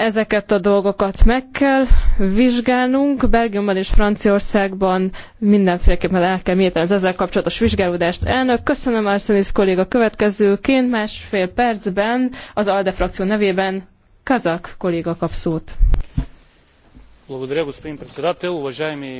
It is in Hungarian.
ezeket a dolgokat meg kell vizsgálnunk. Belgiumban és Franciaországban mindenféleképpen el kell mérteni az ezzel kapcsolatos vizsgálódást. Elnök, köszönöm Arsenis kolléga következőként másfél percben az ALDE frakció nevében Kazak kolléga kap szót.